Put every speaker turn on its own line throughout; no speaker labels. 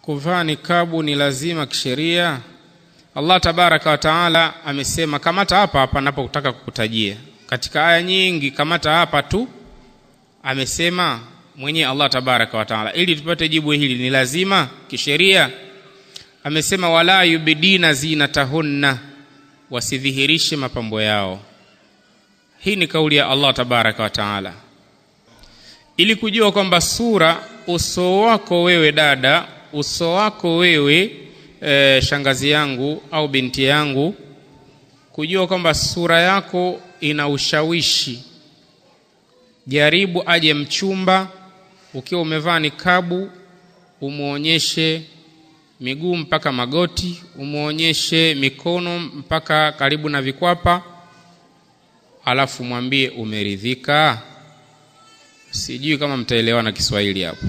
kuvaa nikabu ni lazima kisheria? Allah tabaraka wa taala amesema, kamata hapa hapa anapotaka kukutajia katika aya nyingi, kamata hapa tu, amesema mwenyewe Allah tabaraka wa taala. Ili tupate jibu hili, ni lazima kisheria? Amesema, wala yubidina zinatahunna, wasidhihirishe mapambo yao. Hii ni kauli ya Allah tabaraka wa taala, ili kujua kwamba sura, uso wako wewe dada uso wako wewe e, shangazi yangu au binti yangu, kujua kwamba sura yako ina ushawishi. Jaribu aje mchumba ukiwa umevaa nikabu, umwonyeshe miguu mpaka magoti, umwonyeshe mikono mpaka karibu na vikwapa, alafu mwambie umeridhika. Sijui kama mtaelewana Kiswahili hapo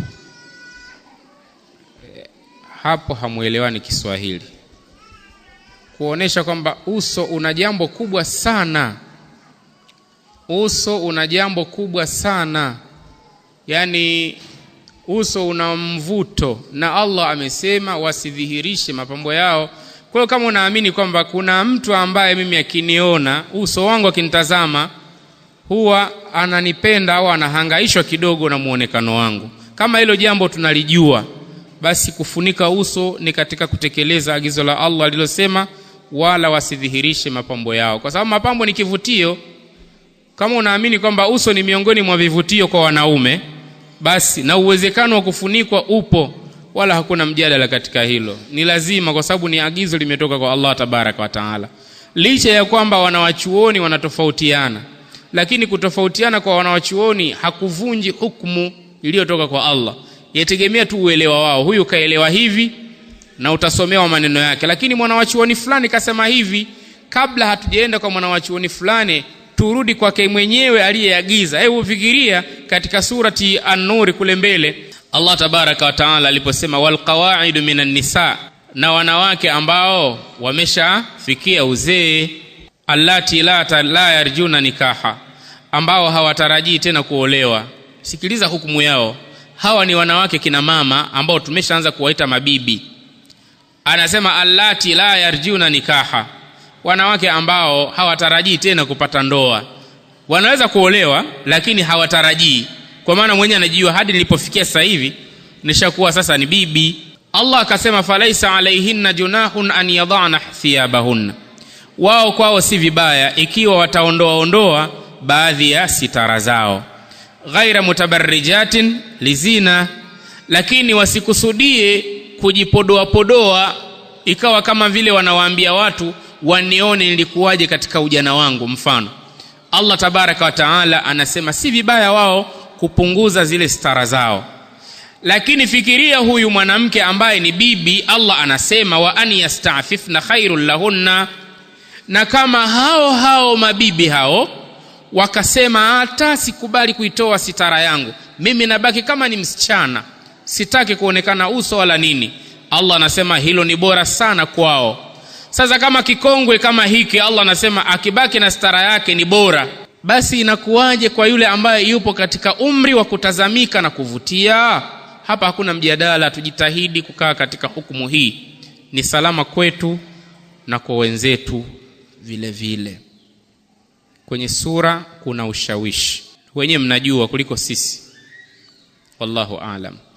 hapo hamwelewani Kiswahili, kuonesha kwamba uso una jambo kubwa sana, uso una jambo kubwa sana, yaani uso una mvuto, na Allah amesema wasidhihirishe mapambo yao. Kwa hiyo kama unaamini kwamba kuna mtu ambaye mimi akiniona uso wangu akinitazama huwa ananipenda au anahangaishwa kidogo na muonekano wangu, kama hilo jambo tunalijua basi kufunika uso ni katika kutekeleza agizo la Allah alilosema wala wasidhihirishe mapambo yao kwa sababu mapambo ni kivutio kama unaamini kwamba uso ni miongoni mwa vivutio kwa wanaume basi na uwezekano wa kufunikwa upo wala hakuna mjadala katika hilo ni lazima kwa sababu ni agizo limetoka kwa Allah tabaraka wa taala licha ya kwamba wanawachuoni wanatofautiana lakini kutofautiana kwa wanawachuoni hakuvunji hukumu iliyotoka kwa Allah yategemea tu uelewa wao huyu kaelewa hivi na utasomewa maneno yake lakini mwanawachuoni fulani kasema hivi kabla hatujaenda kwa mwanawachuoni fulani turudi kwake mwenyewe aliyeagiza hebu fikiria katika surati an-nur kule mbele Allah tabaraka wa taala aliposema walqawaidu minan nisa na wanawake ambao wameshafikia uzee allati la, la yarjuna nikaha ambao hawatarajii tena kuolewa sikiliza hukumu yao hawa ni wanawake kina mama ambao tumeshaanza kuwaita mabibi anasema allati la yarjiuna nikaha wanawake ambao hawatarajii tena kupata ndoa wanaweza kuolewa lakini hawatarajii kwa maana mwenyewe anajijua hadi nilipofikia sasa hivi nishakuwa sasa ni bibi allah akasema falaisa alaihinna junahun an yadana thiyabahunna wao kwao si vibaya ikiwa wataondoaondoa baadhi ya sitara zao ghaira mutabarrijatin lizina, lakini wasikusudie kujipodoa podoa, ikawa kama vile wanawaambia watu wanione nilikuwaje katika ujana wangu. Mfano, Allah tabaraka wa taala anasema si vibaya wao kupunguza zile stara zao, lakini fikiria huyu mwanamke ambaye ni bibi. Allah anasema wa an yastafifna khairul lahunna, na kama hao hao mabibi hao wakasema hata sikubali kuitoa sitara yangu mimi nabaki kama ni msichana sitaki kuonekana uso wala nini allah anasema hilo ni bora sana kwao sasa kama kikongwe kama hiki allah anasema akibaki na stara yake ni bora basi inakuwaje kwa yule ambaye yupo katika umri wa kutazamika na kuvutia hapa hakuna mjadala tujitahidi kukaa katika hukumu hii ni salama kwetu na kwa wenzetu vile vile kwenye sura kuna ushawishi, wenyewe mnajua kuliko sisi. Wallahu aalam.